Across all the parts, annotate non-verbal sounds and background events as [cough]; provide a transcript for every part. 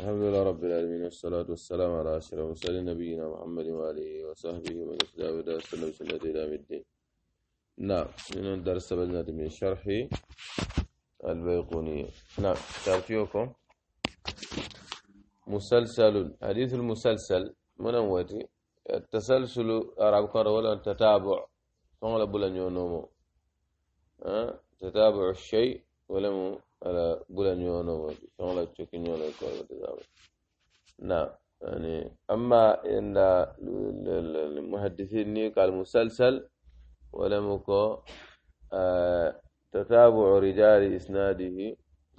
الحمد لله رب العالمين والصلاة والسلام على أشرف المرسلين نبينا محمد وآله وصحبه ومن اهتدى بهداه وسلم وسلم إلى يوم الدين. نعم من الدرس بدنا من شرح البيقونية. نعم تعرفيكم مسلسل حديث المسلسل منوتي التسلسل أرعب كان ولا تتابع فما لن ينومو أه؟ تتابع الشيء ولم على بلا نيونو ودي كما لا تشكي نيونو يقول ودي نعم يعني أما إن المحدثين قال المسلسل ولم يكن تتابع رجال إسناده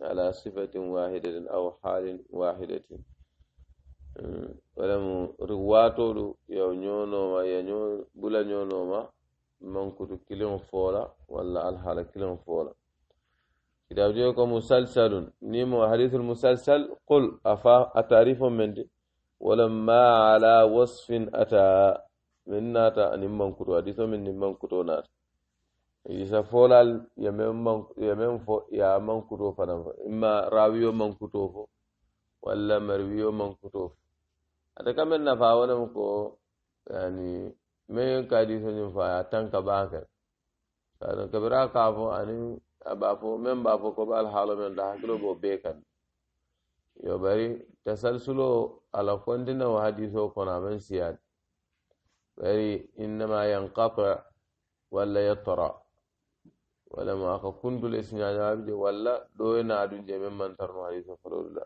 على صفة واحدة أو حال واحدة ولم رواته يو نيونو ما ينيو بلا نيونو ما من كتو كلهم فولا ولا الحال كلهم فولا إذا جاءكم مسلسل نيمو حديث المسلسل قل أفا أتعرف من دي ولما على وصف أتى من ناتا نيمان كتو حديث من نيمان كتو ناتا isa folal yamen fo ya man kuto fanan fo imma rawiyo man kuto fo walla marwiyo man kuto fo ata kamen na fa wala ko yani men ka di so nyin fa tan ka ba ka kabira ka fo anin بافو من بافو كبال حالو من دهكلو بو بيكن يو باري تسلسلو على فندنا وحديثو كنا من سياد باري إنما ينقطع ولا يطرع ولا ما أكون بلسنا جابج ولا دوين عدن جميع من ترمو حديثو فرور الله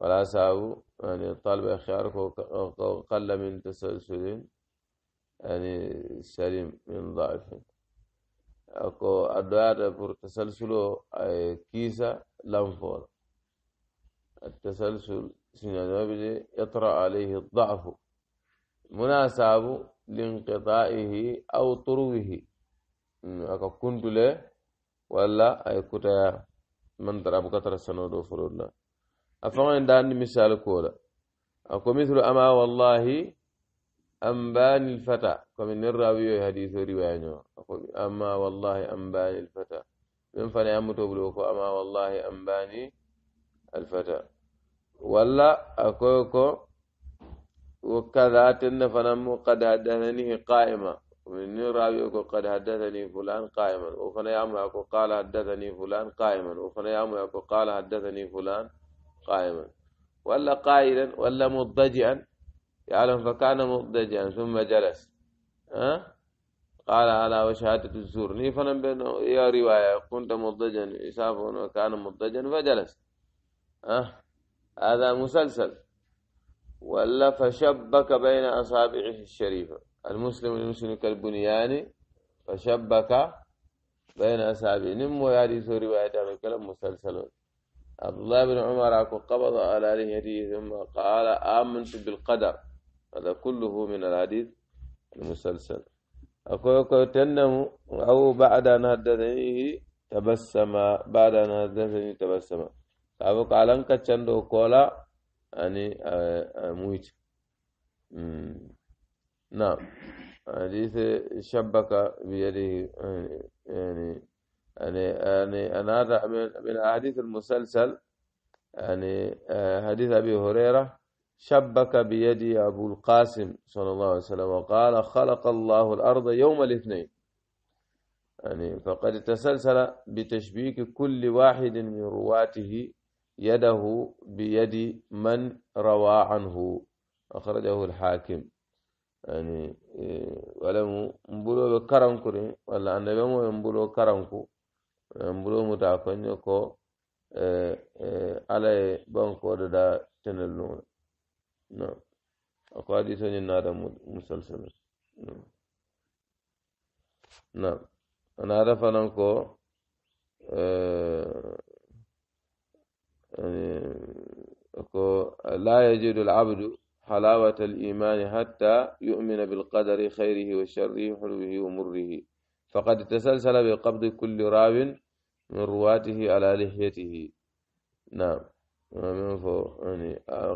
ولا سابو يعني طالب أخياركو قل من تسلسل يعني سليم من ضعفين ko addu'ata pour tasalsulo eh, ay kiisa lanfola التسلسل سننبذ يطرأ عليه الضعف مناسب لانقطائه أو طروه أكا كنت له ولا أي كتا من ترى بكتر سنة دو فرورنا أفغان داني مثال كولا أكو مثل أما والله أنباني الفتى كمن الراوي حديث رواية أما والله أنباني الفتى من فني أمتو بلوكو أما والله أنباني الفتى ولا أكوكو وكذا تن فنم قد حدثني قائمة من راوي قد حدثني فلان قائما وفنا يعم قال حدثني فلان قائما وفنا يعم قال حدثني فلان قائما ولا قائلا ولا مضجعا يعلم فكان مضجعا ثم جلس أه؟ قال على وشهادة الزور لي فلم يا رواية كنت مضجعا يسافر وكان مضجعا فجلس أه؟ هذا مسلسل ولا فشبك بين أصابعه الشريفة المسلم المسلم كالبنيان فشبك بين أصابعه نمو هذه رواية هذا الكلام مسلسل عبد الله بن عمر قبض على لحيته ثم قال آمنت بالقدر هذا كله من الحديث المسلسل أقول تنم أو بعد أن حدثني تبسم بعد أن حدثني تبسم أبو قالن كتشندو كولا أني أموت آه، آه، نعم حديث شبك بيده يعني يعني يعني أنا هذا من أحاديث المسلسل يعني آه، حديث أبي هريرة شبك بيدي أبو القاسم صلى الله عليه وسلم وقال خلق الله الأرض يوم الاثنين يعني فقد تسلسل بتشبيك كل واحد من رواته يده بيد من روى عنه أخرجه الحاكم يعني ولم مبلو بكرمك ولا أن مو مبلو كرمك مبلو متعفن كو آه، آه، على بنكو دا تنلون نعم أقاديس النار مسلسل نعم نعم أنا أعرف أنكو آه يعني أكو لا يجد العبد حلاوة الإيمان حتى يؤمن بالقدر خيره وشره حلوه ومره فقد تسلسل بقبض كل راب من رواته على لحيته نعم من فوق يعني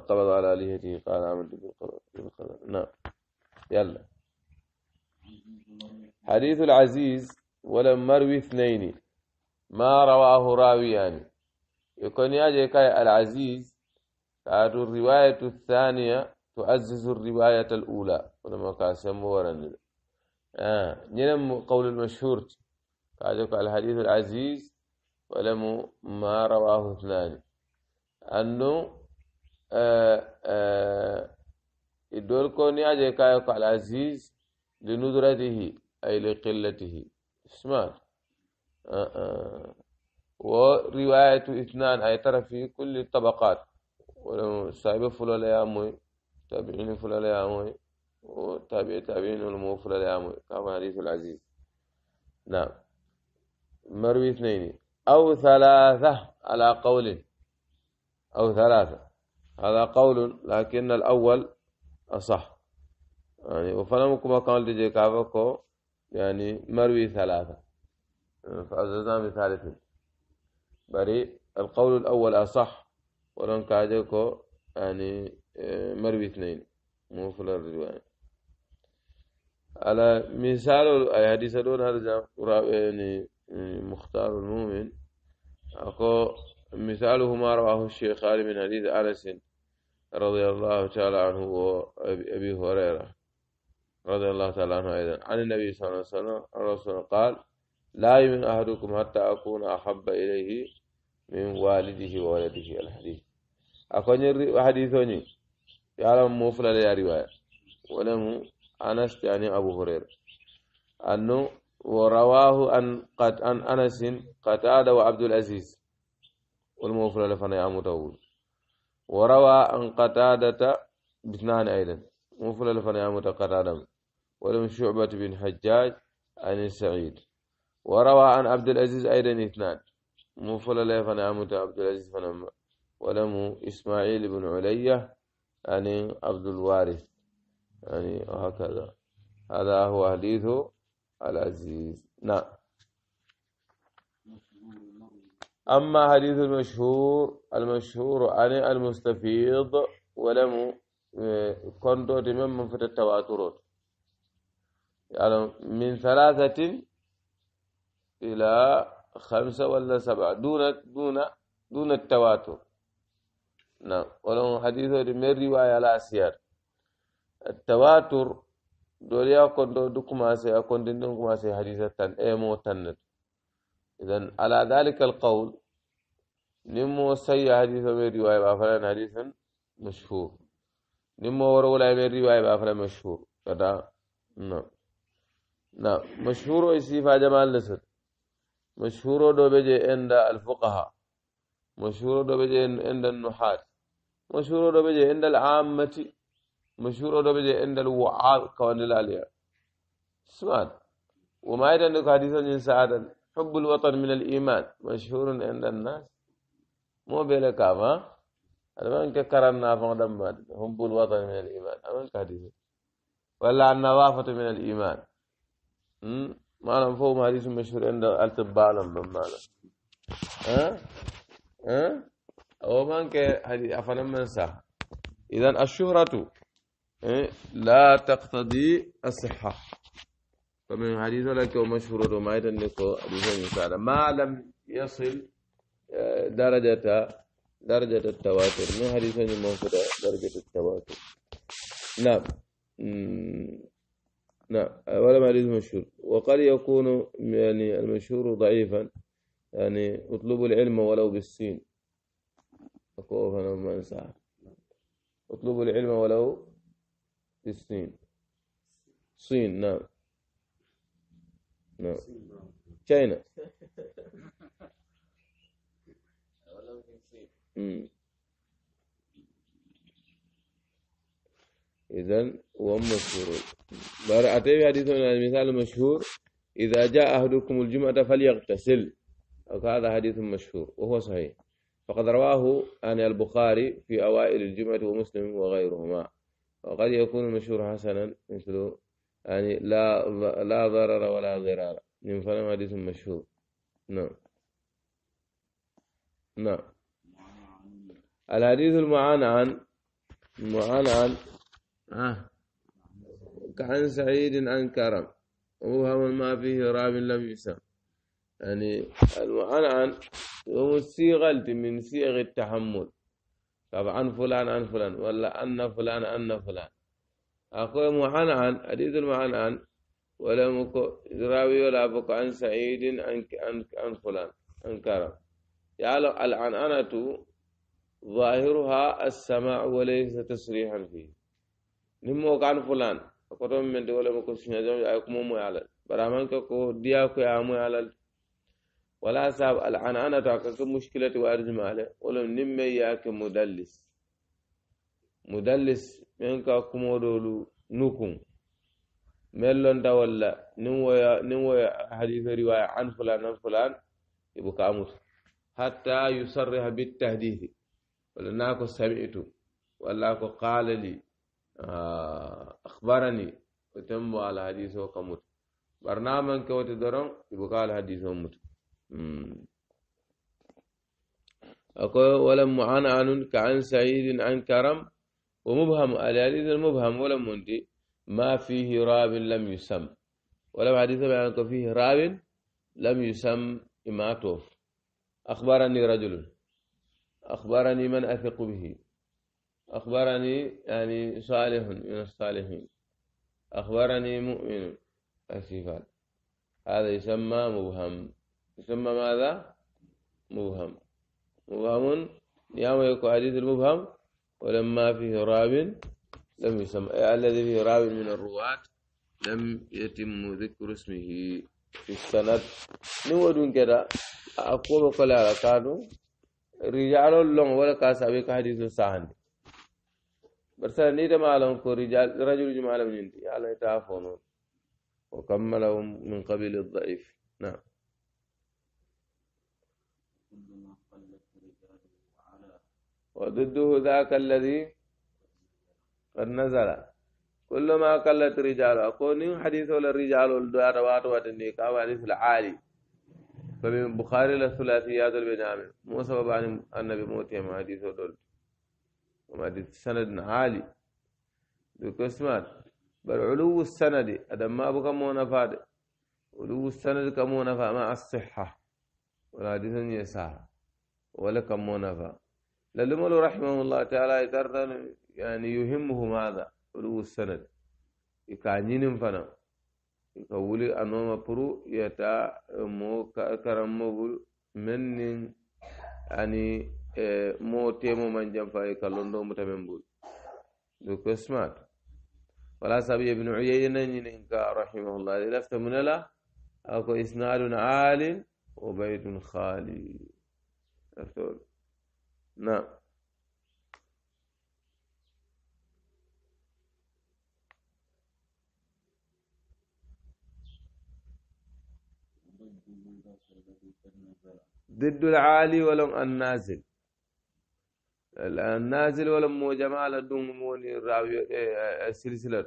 قبض على آلهته قال عملت بالقدر نعم يلا حديث العزيز ولم مروي اثنين ما رواه راويان يكون يجي كاي العزيز الرواية الثانية تعزز الرواية الأولى ولما سمو ورن آه نلم قول المشهور كاجك الحديث العزيز ولم ما رواه اثنان أنه يدور آه، آه، كوني أجي كايوك العزيز لندرته أي لقلته اسمع أه أه. ورواية اثنان أي ترى في كل الطبقات ولو صاحب فلولا يا أمي تابعين فلو يا أمي وتابع تابعين ولمو فلو يا أمي كما حديث العزيز نعم مروي اثنين أو ثلاثة على قول أو ثلاثة هذا قول لكن الأول أصح يعني وفنمكم قال دي كافكو يعني مروي ثلاثة فأزدنا بثالث بري القول الأول أصح ولن كاجكو يعني مروي اثنين مو الرواية على مثال الحديث دون هذا يعني مختار المؤمن أكو مثاله ما رواه الشيخ علي من حديث أنس رضي الله تعالى عنه وأبي هريرة رضي الله تعالى عنه أيضا عن النبي صلى الله عليه وسلم الرسول قال لا يؤمن أحدكم حتى أكون أحب إليه من والده وولده الحديث أكون حديثني يعلم موفل يا رواية ولم أنس يعني أبو هريرة أنه ورواه أن قد أن أنس قتادة وعبد العزيز والموصول لفن أبو داود وروى عن قتادة باثنان أيضا موصول لفن أبو قتادة ولم شعبة بن حجاج عن سعيد وروى عن عبد العزيز أيضا اثنان موصول لفن أبو عبد العزيز فنما ولم إسماعيل بن علية عن عبد الوارث يعني وهكذا هذا هو حديث العزيز نعم أما حديث المشهور المشهور عن المستفيض ولم آه، كنت من منفت التواتر يعني من ثلاثة إلى خمسة ولا سبعة دون دون دون التواتر نعم ولو حديث من رواية على سيار التواتر دوليا كنت دكما سيكون دوكما سي حديثة تن ايمو تنت إذا على ذلك القول نمو سي حديث من رواية بافران حديث مشهور نمو ورولا من رواية بافران مشهور كذا نعم نعم مشهور وإسيفا جمال نسر مشهور دو بجي عند الفقهاء مشهور دو بجي عند النحاة مشهور دو بجي عند العامة مشهور دو بجي عند الوعاء كوان الاليا سمعت وما يدنك حديثا جنسا عدن حب الوطن من الإيمان مشهور عند الناس مو بيلك أما أمان كرنا فقدمات حب الوطن من الإيمان أمان كهديه ولا النظافة من الإيمان ما لهم فوق هذه مشهور عند الأطباء لهم بمانا ها ها أو من كهدي أفنى من سه إذا الشهرة إيه؟ لا تقتضي الصحة فمن حديث لك ومشهور وما يدنكو حديث ما لم يصل آه، درجة درجة التواتر من حديث موجودة درجة التواتر نعم نعم ولا حديث مشهور وقد يكون يعني المشهور ضعيفا يعني اطلبوا العلم ولو بالسين أكوف أنا من ساعة اطلبوا العلم ولو بالسين صين نعم نعم [laughs] China. إذا وهم مشهورون أتي حديث من المثال المشهور إذا جاء أحدكم الجمعة فليغتسل هذا حديث مشهور وهو صحيح فقد رواه عن البخاري في أوائل الجمعة ومسلم وغيرهما وقد يكون المشهور حسنا مثل يعني لا لا ضرر ولا ضرار من فلم حديث مشهور نعم نعم الحديث المعان عن المعان عن آه. كعن سعيد عن كرم وهو ما فيه راب لم يسم يعني المعان عن هو الصيغة من صيغ التحمل طبعا فلان عن فلان ولا أن فلان أن فلان أخو محنعن حديث المحنعن ولم راوي ولا بك عن سعيد عن عن فلان عن كرم يعني العنعنة ظاهرها السماع وليس تصريحا فيه نمو كان فلان أقول من دولة مكسين جمع أيكم مو على برامن كو دياك يا مو على ولا ساب العنعنة تعكس مشكلة وأرجم عليه ولم نمي ياك مدلس مدلس meŋ ka kumodoolu nukuŋ meŋ lonta walla niŋ woya niŋ woya riwaya an fulan an fulan i buka mutu hatta yusarriha bittahdidi walla naa ko sami'tu walla ko qala li akhbarani otembo ala hadise o ka mutu bari naa maŋ kewote doroŋ ala hadise o mutu ako wala mu'ana anun ka an sa'idin an karam ومبهم الحديث المبهم ولا مندي ما فيه راب لم يسم ولا حديث بأنك فيه راب لم يسم إماتوف أخبرني رجل أخبرني من أثق به أخبرني يعني صالح من الصالحين أخبرني مؤمن الصفات هذا يسمى مبهم يسمى ماذا؟ مبهم مبهم يوم يكون حديث المبهم ولما فيه راو لم يسمى الذي فيه راو من الرواة لم يتم ذكر اسمه في السند نودون كده أقوى بقول على كانوا رجال اللون ولا كاس أبي كحديث سهل بس أنا نيدا ما لهم كرجال رجل جمال من عندي على تعافون وكملهم من قبيل الضعيف نعم وضده ذاك الذي قد نزل كل ما قلت رجال أقول نيو حديث ولا رجال والدعاء روات واتنيك أو حديث العالي فمن بخاري للثلاثيات البنامي مو سبب عن النبي موتي ما حديث ودول وما حديث سند عالي ذو اسمات بل علو السند أدم ما بك مونفاد علو السند كمونفا مع الصحة ولا حديث يسار ولا كمونفا للمولى رحمه الله تعالى يتردن يعني يهمه ماذا ولو السند يكانين فنا يقولي أنوما برو يتا مو كرم منن يعني إيه، مو تيمو من جنفا يكالون يكالوندو بول دوك اسمات ولا سبي ابن عيينا إنك رحمه الله إذا من لا أكو إسناد عال وبيت خالي أفتول نعم ضد العالي ولم النازل النازل ولم مو جمال دون موني الراوي اه، السلسلة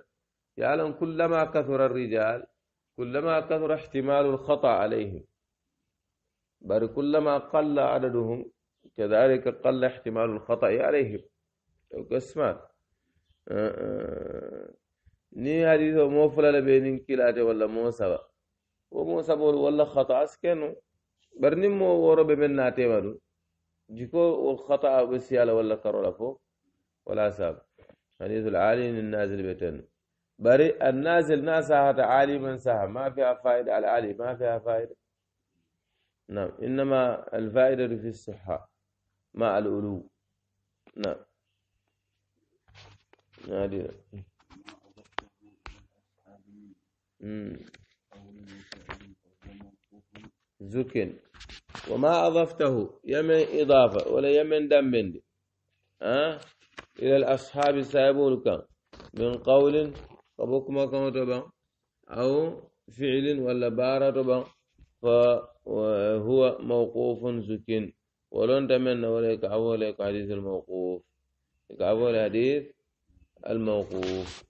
يعلم كلما كثر الرجال كلما كثر احتمال الخطأ عليهم بل كلما قل عددهم كذلك قل احتمال الخطأ عليهم قسمان آه، آه. ني حديث مو فلل بين انكلاج ولا مو سبا ومو سبا ولا خطأ اسكنو برني مو ورب من ناتي مرو جيكو خطأ بسيالة ولا كرولا فو ولا سبا حديث العالي النازل بيتن بري النازل ناسا هات عالي من سها ما فيها فائدة على عالي ما فيها فائدة نعم إنما الفائدة في الصحة مع الألو نعم هذه زكن وما أضفته يمن إضافة ولا يمن دم ها أه؟ إلى الأصحاب سابون كان من قول ربكما كما تبع أو فعل ولا بارة تبع فهو موقوف زكن ولن دمنا ولا يكعول حديث الموقوف يكعول حديث الموقوف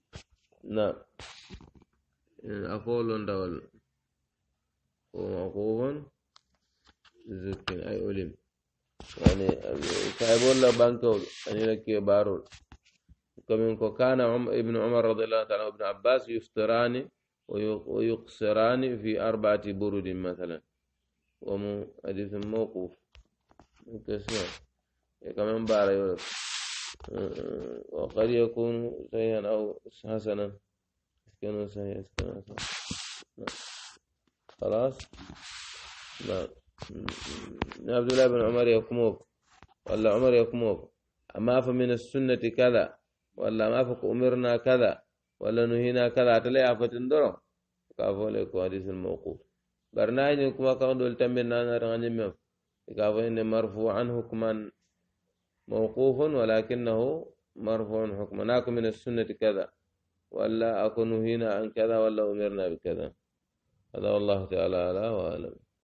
نعم يعني أقول تول وموقوفا زكين أي علم يعني كعبول لا بانكول يعني لك بارول كمن كان عم ابن عمر رضي الله تعالى وابن عباس يفطران ويقصران في أربعة برود مثلا ومو حديث موقوف كثيرا يعني كمان بارا يقولك أه، وقد يكون سيئا أو حسنا كانوا سيئا يسكن حسنا خلاص نعم عبد الله بن عمر يكموك ولا عمر يكموك ما فمن السنة كذا ولا ما فك أمرنا كذا ولا نهينا كذا أتلي أفتن درم كافو لكو حديث الموقوف برنامج كما كان دول تمنا نرجع نجمع يقابل إن مرفوعا حكما موقوف ولكنه مرفوع حكما ناكم من السنة كذا ولا أكون هنا عن كذا ولا أمرنا بكذا هذا والله تعالى على وأعلم